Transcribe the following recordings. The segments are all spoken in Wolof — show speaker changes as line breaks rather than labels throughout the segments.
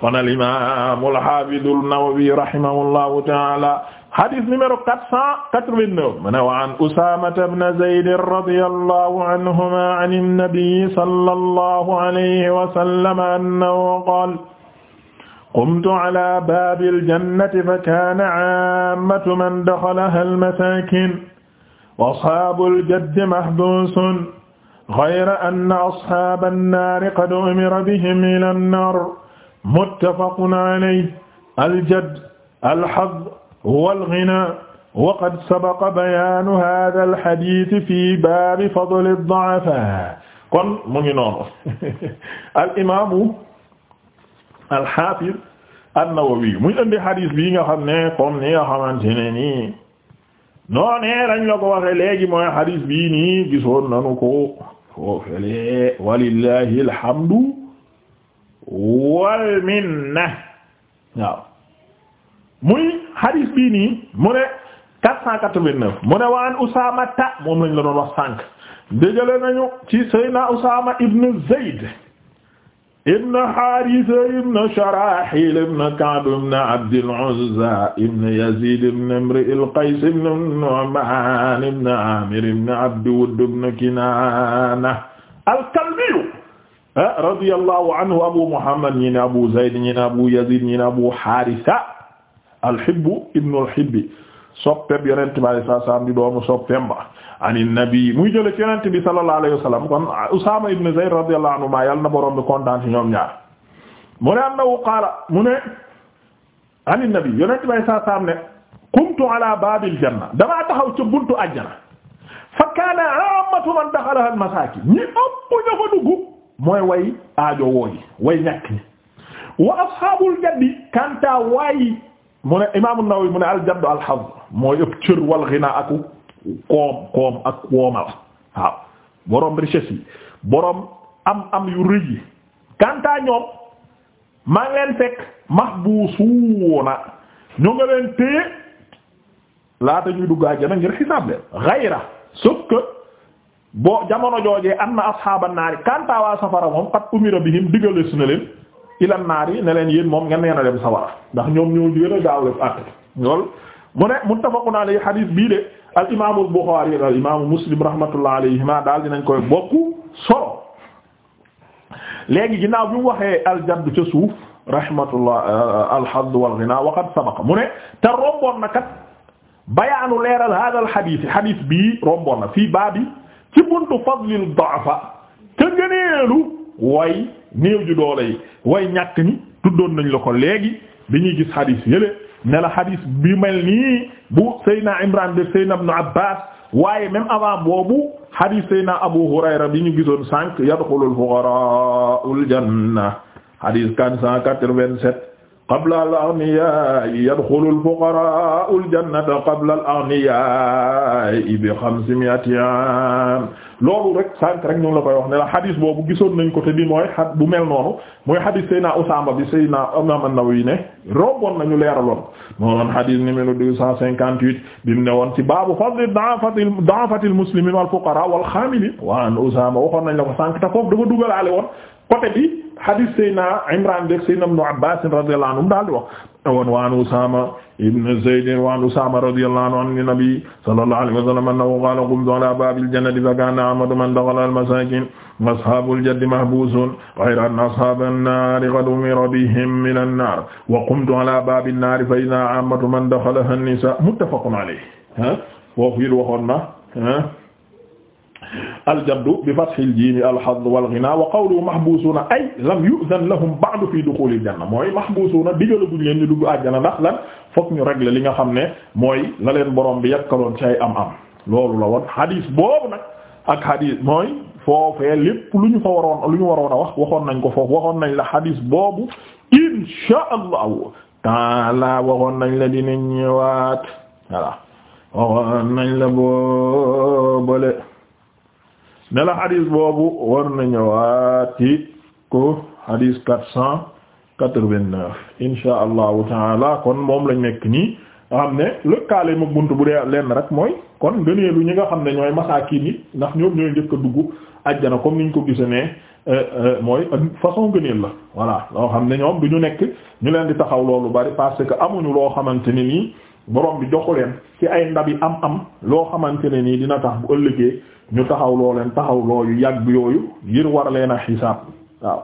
kon al imam al hafid an nawawi rahimahullahu ta'ala hadith numéro 489 mu ne wa an usama ibn zayd radiyallahu anhuma an an-nabi sallallahu alayhi wa sallam annahu qala قمت على باب الجنة فكان عامة من دخلها المساكين وأصحاب الجد محبوس غير أن أصحاب النار قد أمر بهم إلى النار muttafaqun alayhi aljad alhad walghina waqad sabaqa bayaanu haadha alhadiis fi baabi fadli ad-du'afaa kon mu ngi noonu al-imaamu al-haafiz an-Nawawi muy indi hadis bii nga xam ne comme ni nga xamante ne nii noonee lañ la ko waxee léegi mooy hadis bii nii gisoon nanu ko foofale walillahi alhamdu wal minna waaw muy hadis bii nii mu ne 489 mu ne waan Usaama ta moom lañ la doon wax sànq dëjale nañu ci Seydina Usaama ibn Zayd ibn Haarisa ibn Sharaahil ibn Ka'b ibn Abdil Uzza ibn Yaziid ibn Imri'il Qays ibn Nu'maan ibn Aamir ibn Abdi Wudd ibn Kinaana al-Kalbi Ah, radiyallahu anhu abu muhammad ñi ne abu zayd ñi ne abu yazid ñi ne abu haarisa alhibbu ibnu alhibbi soppeb yonente bi alayhi salaam di doomu soppem ba ani nabi muy jële ci yonente bi sallallahu alayhi wa sallam kon usaama ibnu zayd radiyallahu anhu maa yàlla na borom bi kontaan ci ñoom ñaar mu ne annahu qaala mu ne ani nabi yonente bi alayhi salaam ne qumtu ala baabil janna damaa taxaw ca buntu àjjana fa kaana aamatu man daxalaha al masaakin ñi ëpp ña fa dugg mooy way aajo wooyi way ñàkk ñi wa ashaabul jaddi kanta waayi mu ne imaamu Nawawi mu ne aljaddu alxaz mooy ëpp cër wal ghina ak koom koom ak woomal waaw boroom richesse boroom am am yu rëy yi kanta ñoom maa ngi fekk mahbusuuna ñu nga leen laata ñuy dugg àjjana ngir xisaab leen ghayra sauf que boo jamono jooje am na asxaaban naari kanta waa safara moom qad umira bihim digale su na leen ilan naari ne leen yéen moom ngeen neena dem safara ndax ñoom ñoo gën a gaawle àtt loolu mu ne muttafaqun alayhi hadith bii de al imaamu al buxaari al imaamu muslim rahmatullah alayhima daal dinañ koy bokk solo léegi ginnaaw bi mu waxee aljadd ca suuf rahmatullah alhadd wal ghina wa qad sabaqa mu ne te romboon kat bayaanu leeral hada al hadith bi bii romboon baabi ci buntu fadlil da'fa te gëneelu way néew ju way ñàkk ni tuddoon nañ la ko léegi bi ñuy gis xadiis yële ne la bi mel nii bu Seydina Imran de Seydina Ibn Abbas waaye même avant boobu xadiis Seydina Abu Hurayra bi ñu gisoon sànq yadxulul fuqaraa'ul janna xadiis 487 qabla al aghniya'i yadkhulu al fuqara'u al jannata qabla al aghniya'i bi xamsi mi'ati am loolu rek sànq rek ñu ngi la koy wax ne la xadis boobu gisoon nañ ko te bi mooy xad bu mel noonu mooy xadis Seyna Usaama bi Seyna Imaam An-Nawawi ne romboon nañu leeraloon moo doon xadis numéro deux cent cinquante huit bi mu ne woon ci baabu fadli da'afati da'afati al-muslimiin wal fuqaraa wal xaamiliin wa an Usaama waxoon nañ la ko sànq te foofu dafa dugalaale woon côté hadith Seydina Imran def Seydina Ibn Abbas radiyallahu anhu daal di wax woon wa an Usaama ibn Zayd wa an Usaama radiyallahu anhu an nabi sallallahu alayhi wa sallam annahu qaala qumtu ala baabil jannati fa kaana ahmadu man dakhala al-masaakin wa ashaabul jaddi mahbuusuun ghayra anna ashaaban naari qad umira bihim mina an-naar wa qumtu ala baabin naari fa idhaa aammatu man dakhalaha an-nisaa muttafaqun alayhi foofu it waxoon na aljaddu bi fathil jiimi alhadd wal ghina wa qawlu mahbusuuna ay lam yu'zan lahum ba'du fi dukhulil janna mooy mahbusuuna digalaguñ leen ñu dugg àjjana ndax lan fokk ñu régler li nga xam ne mooy la leen borom bi yakkaloon ci ay am-am loolu la woon hadith boobu nag ak hadith mooy foofee lépp lu ñu fa waroon lu ñu waroon a wax waxoon nañ ko foofu waxoon nañ la hadith boobu insha allahu taala waxoon nañ la di ñëwaat voilà waxoon nañ la boobale ne la xadis boobu war na ñëwaati ko xadis quatre cent quatre-vingt-neuf insha allahu taala kon moom lañ nekk nii nga xam ne lëkkaale ma bunt bu dee lenn rek mooy kon gëneelu ñi nga xam ne ñooy masaakin yi ndax ñoom ñooy njëkk a dugg ajjana comme niñ ko gisee ne euh, euh, mooy façon gëneel la voilà loo xam ne ñoom du ñu nekk ñu leen di taxaw loolu bari parce que amuñu loo xamante ne nii borom bi joxu leen ci ay ndabi am am loo xamante ne nii dina tax bu ëllëgee ñu taxaw loo leen taxaw looyu yàgg yooyu ngir war leen a xisaab waaw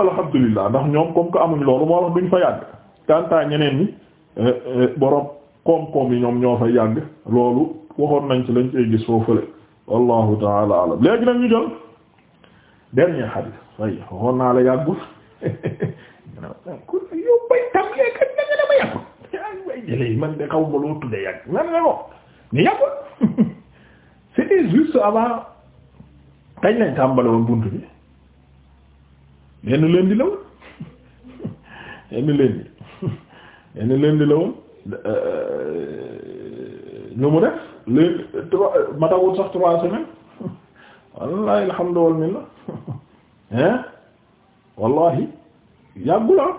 alhamdulilah ndax ñoom comme que amuñ loolu moo tax duñ fa yàgg kantaa ñeneen ñi eh, eh, boroom koom-koom yi ñoom ñoo fa yàgg loolu waxoon nañ ci lañ ci gis foo fële wallahu taala alam léegi nag ñu jël dernier xadis way waxoon naa la yàggul yow bay tam léegi na nga dama yàggul bay man yàgg nga ko ni yàggul c'était juste avant kañ lañ tàmbale woon bunt bi lenn lundi la woon lenn lenn lundi la woon euh, mu def lundi trois matawut sax trois semaines wallahi alhamdu walmina hein wallahi yàggu la ah.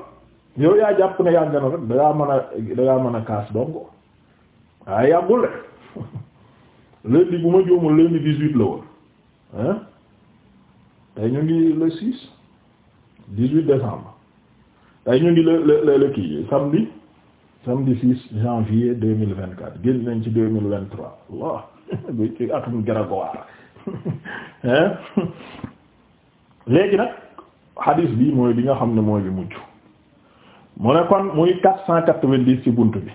yow yaa jàpp ne yàgg na rek dangaa mën a dangaa mën a kaas donc waaye ah, yàggul la lundi bu ma juumul lundi dix-huit la woon hein tey ñu ngi le six dix-huit décembre tey ñu ngi la le le kii samedi samedi six janvier deux mille vingt-quatre génn nañ ci deux mille vingt-trois waaw bu ci atum grégoire hein léegi nag hadis bi mooy bi nga xam ne mooy bi mujj mu ne kon muy quatre cent quatre-vingt-dix ci bunt bi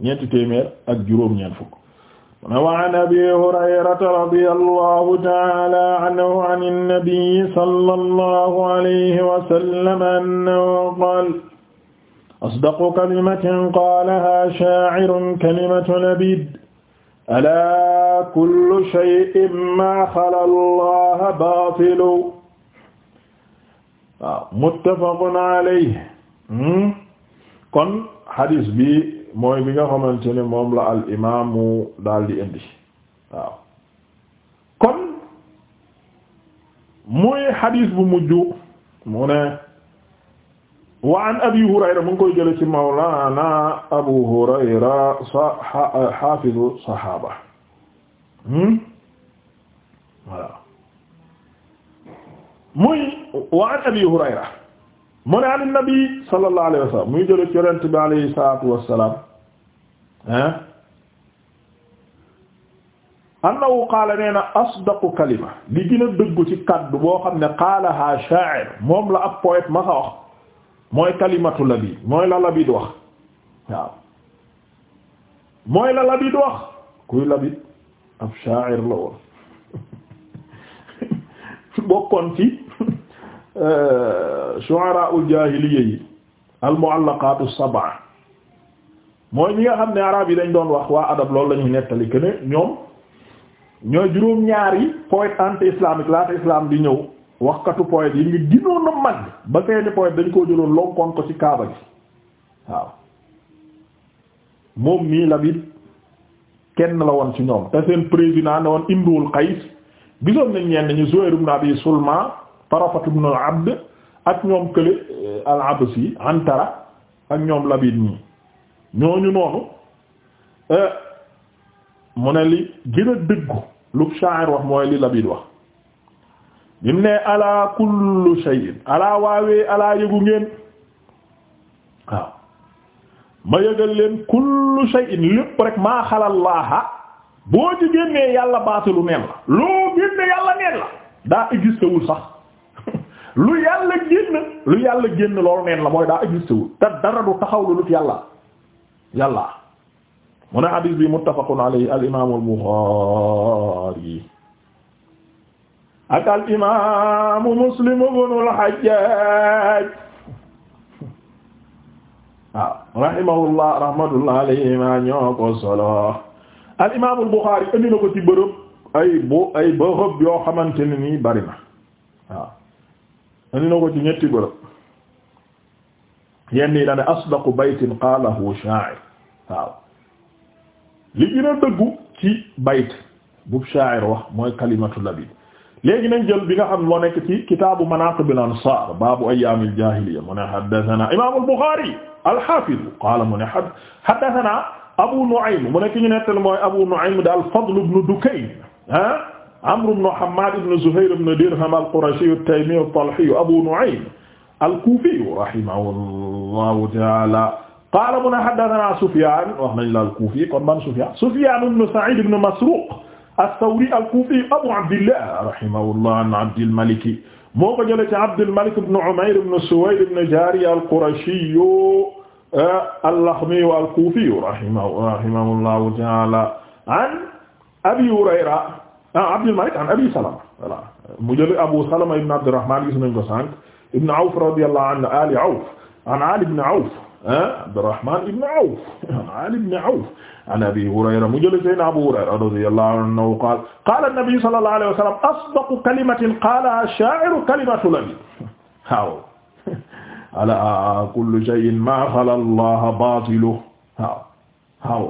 ñeenti téeméer ak juróom-ñeent fukk wa an abi hurayrata radiyallahu ta'ala anhu an an-nabi sallallahu alayhi wa sallam annahu qaala asdaqu kalimatin qaalaha shaa'irun kalimatu Labiid alaa kullu shay'in maa xalaa Allaha baatilu waaw muttafaqun alayhi hmm? kon hadis bi mooy bi nga xamante ne moom la al imaamu daal di indi waaw kon muy xadiis bu mujj mu ne wa an abi hurayra mu ngi koy jële ci mawlaana abu hurayra sa eh, xaafizu saxaaba hmm? muy wa an abi hurayra mu ne an nabi sallallahu wa sallam muy jële ci bi alayhi salaatu wassalaam ah annahu qaala nee na asdaqu kalima li gën a dëggu ci kaddu boo xam ne qaalaha sha'ir moom la ab poète ma sa wax mooy kalimatu Labid mooy la Labid wax waaw mooy la Labid wax kuy Labid ab sha'ir la woon bokkoon ci Euh, shu'ara'ul jaahiliyya yi al mu'allaqaatu sab'a mooy ñi nga xam ne arab yi dañ doon wax waa adab lool lañuy ñuy nettali que ne ñoom ñooy juróom-ñaar yi anti-islamique laata islam di ñëw waxkatu poète yi ngi ginoon a mag ba seeni poète dañ koo jëloon lonkoon ko ci kaaba gi waaw moom mii Labid kenn la woon ci ñoom te seen président ne woon Imrul Qays gisoon nañ ñenn ñu Zuhayr ibn Abi Sulma Tarafat ibn abd ak ñoom kële euh, al-Absi Antara ak ñoom Labid ñii ñooñu noonu euh, mu ne li gën a dëggu lu sha'ir wax mooy li Labid wax bi mu ne alaa kullu shay'in alaa waawee alaa yëgu ngeen waaw ma yëgal leen kullu shay'in lépp rek maa xalallaaha boo ci génnee yàlla baatilu neen la loo génne yàlla neen la daa existewul sax lu yàlla génn lu yàlla génn loolu la mooy daa existé wul te dara du taxaw lu lut yàlla yàlla mu ne hadis bi muttafaqun alayhi al imaam al Buxaari ak al Muslim ibn al Hajjaj waaw rahimahullah rahmatullah alayhima ñoo ko solo al imaam al Buxaari indi na ay bu ay bërëb yoo xamante andi na ko ci ñetti bërëb yenn yi dane asdaqu baytin qaalahu sha'ir waaw li gën a dëggu ci bayt bu sha'ir wax mooy kalimatu labid léegi nañ jël bi nga xam moo nekk ci kitaabu manaqib al ansar baabu ayyaam al jaahiliya mu ne haddathana imaam al buxaari al haafiz qaala mu ne haddathana abu nu'aym mu ne ki ñu nettal mooy abu nu'aym daal fadl ibn dukayn ah Amr ibn Hammad ibn Zuhayr ibn Dirham al-Qurashi at-Taymi at-Talhi Abu Nu'aym al-Kufi rahimahullahu ta'ala qaala mun haddathana Sufyan wax nañ la al-Kufi kon man Sufyan Sufyan ibn Sa'id ibn Masruq as-Sawri al-Kufi Abu Abdillah rahimahullah an Abdil Malik moo ko jëlee ci Abdil Malik ibn Umayr ibn Suwayd ibn Jariya al-Qurashi eh, al-Lakhmi al-Kufi rahimahullahu ta'ala an Abi Hurayra ah Abdul Malik an Abi Salama voilà mu jël Abu Salama ibn Abdurrahman gis nañ ko sànq ibn Awf radiyallahu anhu Ali Awf an Ali ibn Awf ah Abdurrahman ibn Awf an Ali ibn Awf an Abi Hurayra mu jël Sayyidina Abu Hurayra radiyallahu anhu qaala qaala an-nabi sallallahu alayhi wa sallam asdaqu kalimatin qaalaha shaa'iru kalimatu Labi waaw ala kullu shay'in ma xala Allah baatilu waaw waaw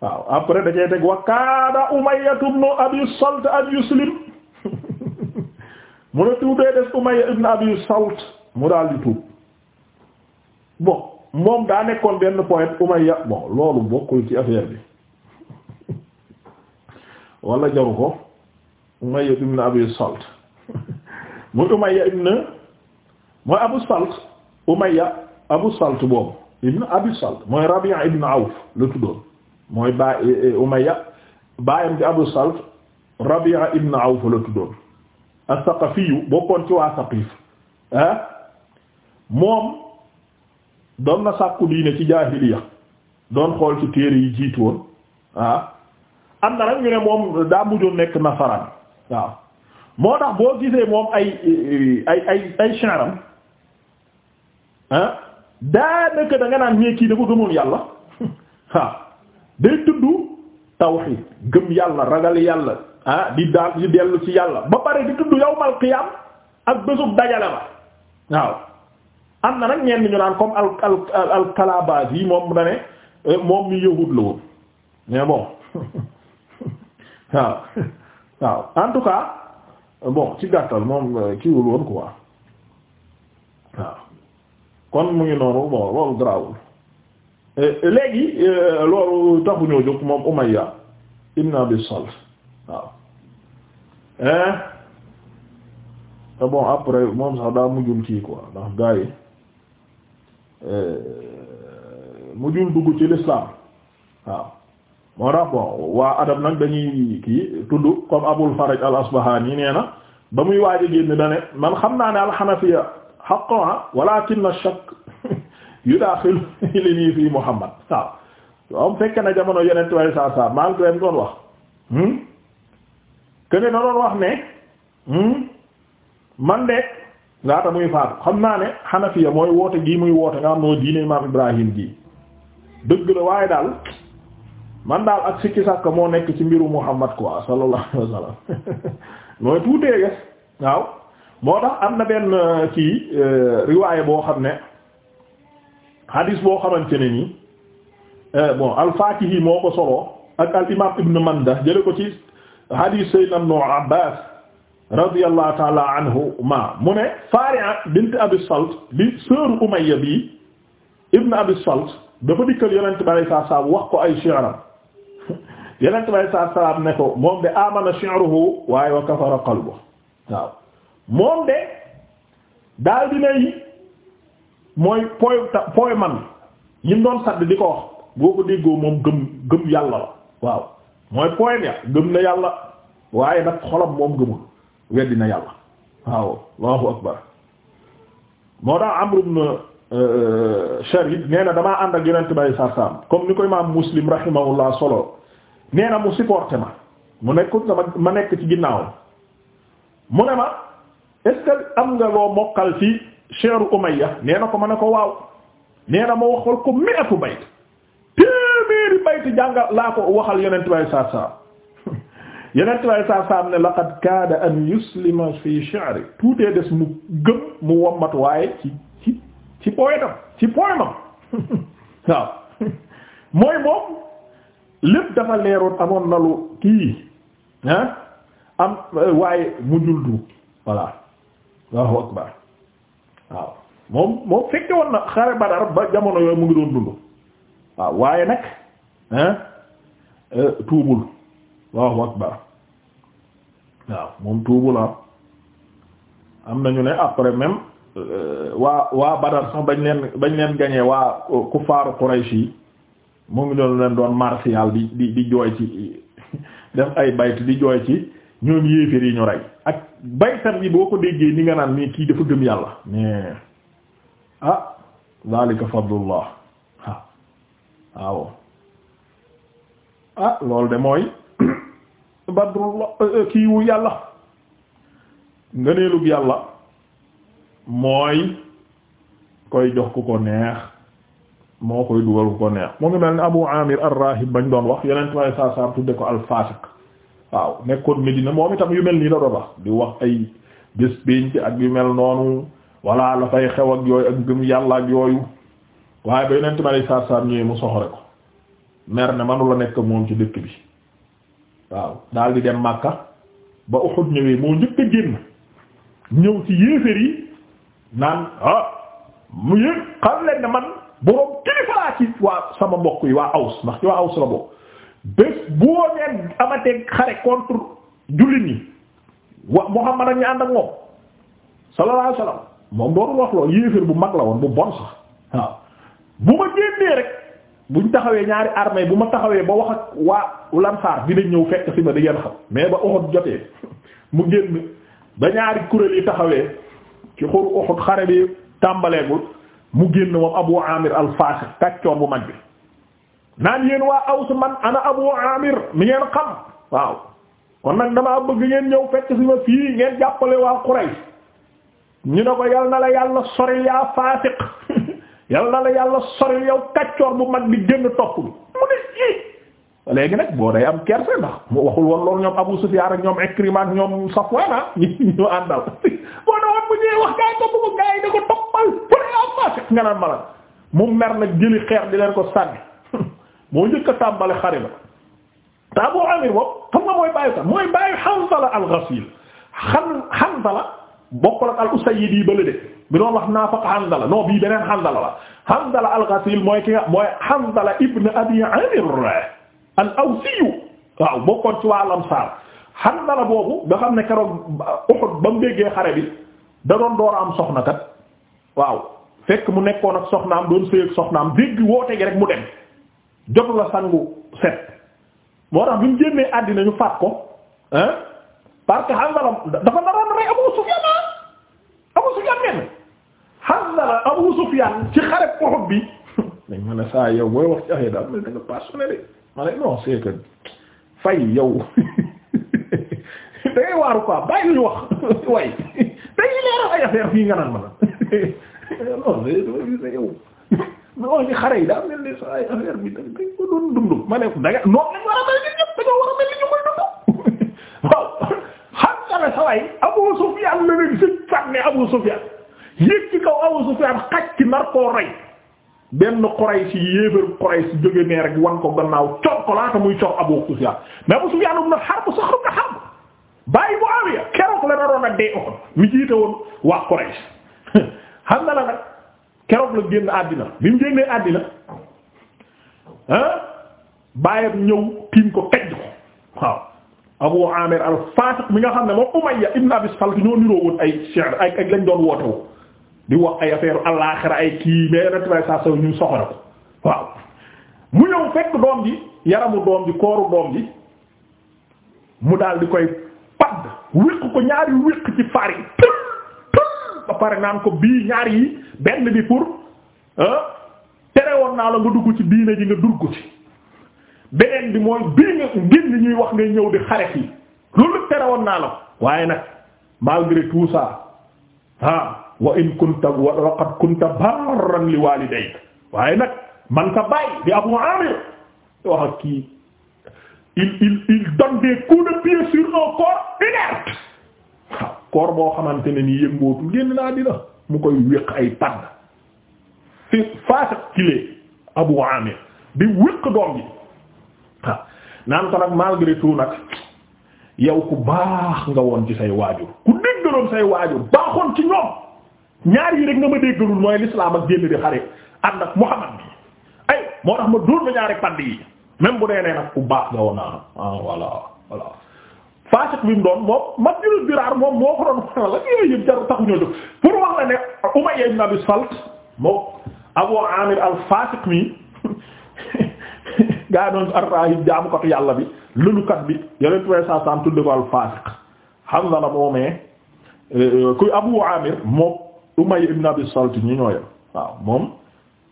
waaw après da cee teg wa kaada Umayya ibn Abi Salt an yuslim mu ne tuubee des Umayya ibn Abi Salt mu daal di tuub bon moom daa nekkoon benn poète Umayya bon loolu bokkul ci affaire bi wala jaru ko Umayya ibn Abi Salt mu Umayya ibn mooy Abu Salt Umayya Abu Salt boobu ibn Abi Salt mooy Rabi'a ibn Awf la tuddoon mooy ba eh, eh, Umayya baayam di Abu Salf Rabi'a ibn Awf la tuddoon as-Saqafiyu bokkoon ci waa Saqif eh? moom doon na sàkku diine ci jaahiliya doon xool ci téere yi jiitu woon ah? am na nag ñu ne moom daa mujjoon nekk nasaraan waaw moo tax boo gisee moom ay ay ay ay charam ah daanaka da nga naan ñee kii dafa gëmoon yàlla waaw day tudd tawxiid gëm yàlla ragal yàlla ah di daal di dellu ci yàlla ba pare di tudd yawmal qiyaam ak bésub dajale ba waaw am na nag ñenn ñu naan comme al al al Kalabaazi yi moom da ne eh, moom mi yahud la woon bon waaw waaw en tout cas bon ci gàttal moom eh, kiiwul woon quoi waaw kon mu ngi noonu bon loolu garaawul. Euh, léegi euh, loolu taxu ñoo jóg moom Umayya ibn Abi Salih waaw te ah bon après moom sax daa mujjul kii quoi ndax gars yi euh, mujjul dugg ci l'islam waaw moo tax bon waa adam nag dañuy kii tudd comme Abul Faraj al-Asbahani nee na ba muy waaj a génn da man xam naa ne al-Hanafiya haqqan walakin ash-shakk yu daa xil li nii fii Muhammad waaw waaw fekk na jamono yeneen waaye saa saa malgré doon wax hmm? këne na doon wax ne hmm? man de laata muy faatu xam naa ne xanafiya mooy woote gii muy woote nga xam noo diine imaam Ibrahim gii dëgg la waaye daal man daal ak sikki sàkk moo nekk ci mbiru Muhammad quoi sallallahu alayhi wasallam mooy tuutee ges waaw moo tax am na benn euh, kii euh, riwaaya boo xam ne hadis boo xamante ne nii eh, bon al-Fakihi moo ko soloo ak al-imam Ibn Manda jële ko ci hadis Sayyidina Ibn Abbas radiyallahu ta'ala anhuma mu ne Fari'a bint Abi Salt bi sœur Umayya bi Ibn Abi Salt dafa dikkal yonent bi alayhi salaam wax ko ay shi'ram yonent bi alayhi salaam ne ko moom de amana shi'ruhu waaye wa kafara qalbuhu waaw moom de daal dinay mooy pooy pooy man yi mu doon sadd di ko wax boo ko déggoo moom gëm gëm yàlla la waaw mooy pooyam ya gëm na yàlla waaye nag xolam moom gëmul weddi na yàlla waaw allahu akbar moo tax Amr ibn euh, euh, Sharid nee na damaa ànd ak yonent bay sarsaam comme ni ko imaam Muslim rahimahullah solo nee na mu supporté ma mu nekkul sama ma nekk ci ginnaawam mu ne ma est am nga loo mokkal fii cheru Umayya nee na ko ma ne ko waaw nee na ma waxal ko mi'atu bayt téeméeri bayt jàngal laa ko waxal yonent bay saa saa yonent bay saa saa ne laqad kaada an yuslima fi shi'ri tuutee des mu gëm mu wommat waaye ci ci ci poetam ci poemam waaw mooy moom lépp dafa leeroon amoon na lu kii ah am waaye mu juldu voilà Allahu akbar waaw moom moom fekke woon na xare Badar ba jamono yooyu mu ngi doon dund waaw waaye nag hein euh, tuubul Allahu akbar waaw moom tuubul ah am nañu ne après même euh, waa waa Badar sax bañ leen bañ leen gañee waa kuffaaru Quraysh yi mu ngi doon leen doon martial di di di jooy ci def ay bayt di jooy ci ñoom yéeféer yi ñu rey ak baykat bi boo ko déggee ni nga naan mais kii dafa gëm yàlla mais ah zalika fadlullah ah waaw ah loolu de mooy badrullah euh, euh, kii wu yàlla ngëneelug yàlla mooy koy jox ku ko neex moo koy dugal ku ko neex moo ngi mel ni Abu Amir ar bañ doon wax yeneen trois cent cent tudde ko al waaw nekkoon Medina moom itam yu mel nii la doon wax di wax ay bés benn ak yu mel noonu walla la fay xew ak yooyu ak ngëm yàlla ak yooyu waaye ba yonent ma lay saar saar ñëwee mu soxore ko mer ne manu nekk moom ci dëkk bi waaw daal di dem Makka ba Uhud ñëwee moo njëkk a génn ñëw ci yéeféer yi naan ah mu yëg xam leen ne man boroom kilifa laa ci waa sama mbokk yi waa Aws ndax ci waa Aws la bokk bés boo leen amatee xare contre jullit ñi wa Muhammad ak ñu ànd ak moom sallallahu alayhi wasallam moom doonul wax loolu yéeféer bu mag la woon bu bon sax bu ma génnee rek buñ taxawee ñaari armée bu ma taxawee ba wax ak waa lansaar dinañ ñëw fekk ci ma di ngeen xam mais ba Uhud jotee mu génn ba ñaari kuréel yi taxawee ci xur Uhud xare bi tàmbaleegul mu génn moom Abu Amir al-Fasiq kàccoor bu mag bi naan yéen waa aws man ana abu amir mi ngeen xam waaw kon nag damaa bëgg ngeen ñëw fekk si ma fii ngeen jàppale waa Quraysh ñu ne ko yal na la yàlla sori yaa faasiq yal na la yàlla sori yow kaccoor bu mag bi génn topp bi mu ne i léegi nag boo day am kerse ndax mu waxul woon loolu ñoom Abu Sufyaan ak ñoom Ikrima ak ñoom Safwaan ñu ah ñu àndal boo na woon bu ñëwee wax gaay topp ko gaay da ko toppal pour yaa faasiq nga naan ma mu mer na jëli xeer di leen ko sànni moo njëkk a tàmbale xare ba te Abu Amir moom xam mooy bàyyi sax mooy bàyyi Hanzala al xan Hanzala bokkul ak al-Usaydi yi de bi doon wax naafaq Hanzala non bii beneen Hanzala la Hanzala al mooy ki mooy Hanzala ibn Abi Amir al-Awsi waaw bokkoon ci waa Ansaar Hanzala boobu nga xam ne keroog Uhud ba mu déggee xare bi da doon door am soxna kat waaw fekk mu nekkoon ak soxnaam doon sëy ak soxnaam dégg woote gi rek mu dem. jotu la sangu set moo tax bi mu génnee àddina ñu faat ko hein parce que Hanzala dafa naroon rey Abu Sufyan ah? Abu Sufyan mel Hanzala Abu Sufyan ci xare Uhud bi dañ mën saa yow booy wax ci affaire daal mel da nga passionné de ma ne non c'est que fay yow da ngay waaru quoi bàyyi lu wax way dañuy leeral ay affaire fii nga naan ma na non yow non ñu xare yi daa mel ni saa affaire bi dañ ko doon dund ma ne da nga noonu lañ war a mel ni ñëpp dañoo war a mel ni ñu koy dund waaw xam nga ne saa waay Abu Sufyaan la leen si fànne Abu Sufyaan yéeg ci kaw Abu Sufyaan xaj ci nar koo rey benn Quraysh yéefar Quraysh jóge nee rek wan ko gannaaw cor ko laata muy cor Abu Sufyaan mais Abu Sufyaan ibn Harb Saxr ibn Harb bàyyi Muawiya keroog la naroon a dee oxon mi jiite woon waa Quraysh xam na la nag keroog la génn àddina bi mu génnee àddina ah bàyyam ñëw tiim ko kaj ko waaw Abu Amir al mi nga xam ne moom Umayya ibn Abi Salt ñoo niroo woon ay shi'r ak lañ doon wootewu di wax ay affaire alaaxira ay kii mais yeneen tubaab saa soxla ñu soxla ko waaw mu ñëw fekk doom ji yaramu doom ji kooru doom ji mu daal di koy padd wéq ko ñaari wéq ci fari ba pare naan ko bii ñaar yi benn bi pour ah, tere woon naa la nga dugg ci diine ji nga dugg ci beneen bi mooy bii nga génn ñuy wax ngay ñëw di xaret yi loolu tere woon naa la waaye nag malgré tout ça ah wa in kunta wa laqad kunta barran li walidayk waaye nag man sa bàyyi di Abu Amir wax ak kii il il il donne des coups de pied sur un corps koor boo xamante ne ni yëngootul génn naa dina mu koy wéq ay padd fi faasa kile Abu Amir di wéq doom bi naan ko nag malgré tout nag yow ku baax nga woon ci say waajur ku déggaloon say waajur baaxoon ci ñoom ñaar yi rek nga ma déggalul mooy l'islam ak génn di xare ànd ak Muhammad bi ay moo tax ma dóor ma ñaari padd yi même bu dee nee nag ku baax nga woon naa ah voilà voilà faasiq bi mu doon moom Mabdul Diraar moom moo ko doon faral ak yooyu yëpp jarul taxuñoo jóg pour wax la ne Umayya ibn moom Abu Amir al-Faasiq mi doon ar-raahib jaamukatu yàlla bi lëlukat bi yeneen trois cent cent tudd ko al-Faasiq Hamza euh, Abu Amir moom Umayya ibn Abi Salt waaw moom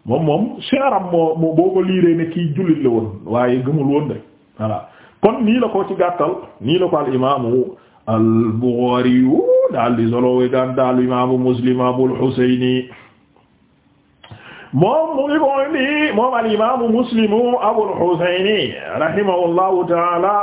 moom moom seeram moo moo boo ko liiree ne kii jullit la woon waaye gëmul woon de voilà. kon nii la ko ci gàttal nii la ko al imaamu al-Bukhari daal di solowee gan daal imaamu Muslim Abul Husayni moom mu ngi koy nii al imaamu Muslim Abul taala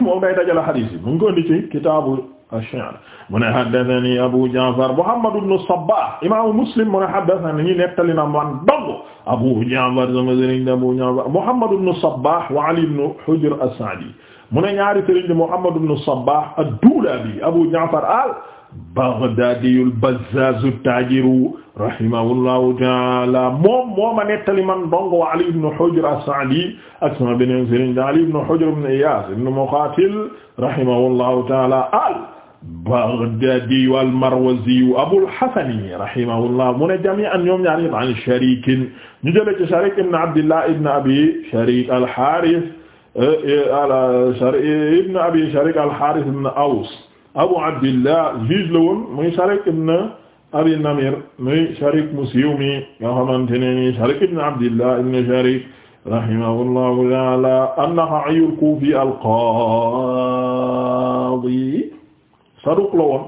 moom day dajale xadiis yi mu ngi ci kitaabu ash-shi'r mu ne haddathani Abu Ja'far Muhammad ibn Sabbah imaamu Muslim mu ne haddathani nettali na man dong Abu Ja'far sama sëriñ de Abu Ja'far Muhammad ibn Sabbah wa Ali ibn Hujr as-Sa'di mu ne ñaari sëriñ de Muhammad ibn Sabbah ad-Dulabi Abu Ja'far al-Baghdadi al-Bazzaz at-Tajir rahimahullahu ta'ala moom moo ma nettali man dong wa Ali ibn Hujr as-Sa'di ak sama beneen sëriñ de Ali ibn Hujr ibn Iyas ibn Muqatil rahimahullahu ta'ala Baghdadi wal Marwazi Abul Hasani rahimahullah mu ne jami'an ñoom ñaar yëpp an Sharik ñu jëlee ci Sharik ibn Abdillah ibn Abi Sharik al-Harith eh, eh, eh, ibn Abi Sharik al-Harith ibn Aws Abu Abdillah juge la woon muy Sharik ibn Abi Namir muy Sharik mu siiw mi nga xamante ne nii Sharik ibn Abdillah ibn Sharik rahimahullahu ta'ala an-Nakha'i al-Kufi al-Qadi saduq la woon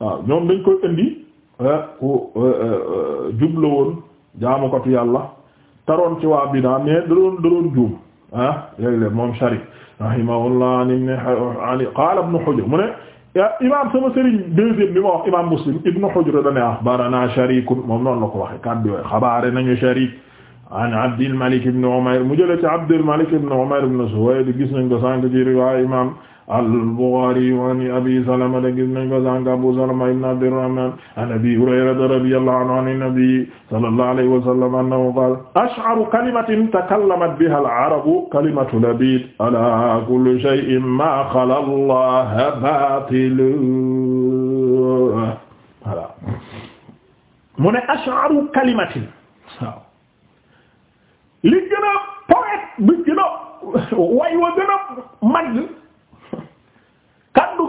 waaw ñoom dañ koy indi eh, ku eh, eh, jub la woon jaamukatu yàlla taroon ci waa bidaa mais dadoon dadoon juum ah léeg moom Sharik rahimahullah ni ne qaala ibn Hujr mu ne imam sama sëriñ deuxième bi wax imam la ko waxe kat bi wooy xabaare nañu Sharik an Abdil Malik ibn Umayr mu jële ci Abdil Malik ibn Umayr ibn Suwayd gis nañ ko sànk ci al-Bukhari wa an Abi Salama da gis nañ ko sànq Abu Salama ibn Abdurrahman an Abi Hurayrata radiyallahu anhu an nabi sallallahu alayhi wa sallam annahu qaala ash'aru kalimatin takallamat biha al-arabu kalimatu labid ala kulli shay'in ma khala Allah batilun voilà mu ne ash'aru kalimatin waaw li gën a poète bi gën a way wa gën a mag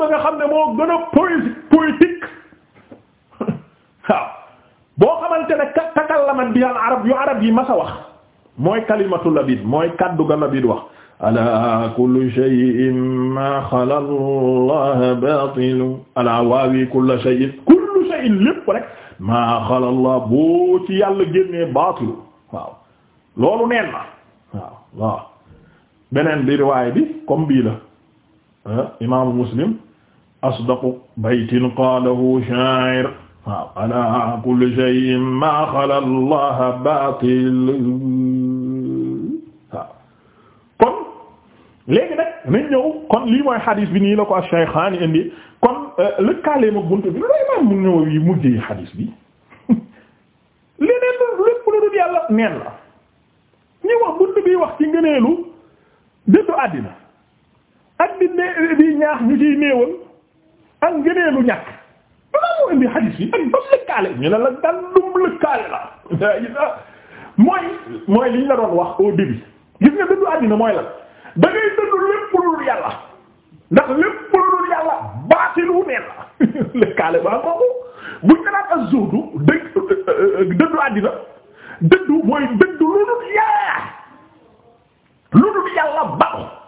na xam ne moo gën a poétique boo xamante ne takallama bi al arab yu arab yi mas a mooy kalimatu labid mooy kaddu ga labid wax ala kullu shay'in ma xala allah batilu ala waawi kullu shay'in kullu shay'in lépp rek ma xala allah boo ci yàlla génnee batilu waaw loolu bi riwaay bi comme muslim asdaqu baytin qaalahu shaa'ir waaw alaa kulli shay'in maa xalaa Allaha baatil waaw kon léegi nag nañ ñëw kon lii mooy xadis bi nii la ko Shaykhaani indi kon euh, lëkkaale ma buntu bi loolu imaam mu ñëw yi mujjee xadis bi leneen lépp lu dul yàlla neen la ñu wax buntu bi wax ci ngëneelu dëddu àddina ak di ne di ñaax ñu ciy néewal. ak ngëneelu ñàkk balaa moo indi hadith yi ak ban lëkkaale ñu ne la dal dum lëkkaale la mooy mooy liñ la doon wax au début gis nga dëddu àddina mooy la da ngay dëddu lépp lu dul yàlla ndax lépp lu dul yàlla baatilu neen la lëkkaale baa kooku buñ nga daan az-zuhdu dëgg dëddu àddina dëddu mooy lu lu yàlla baaxul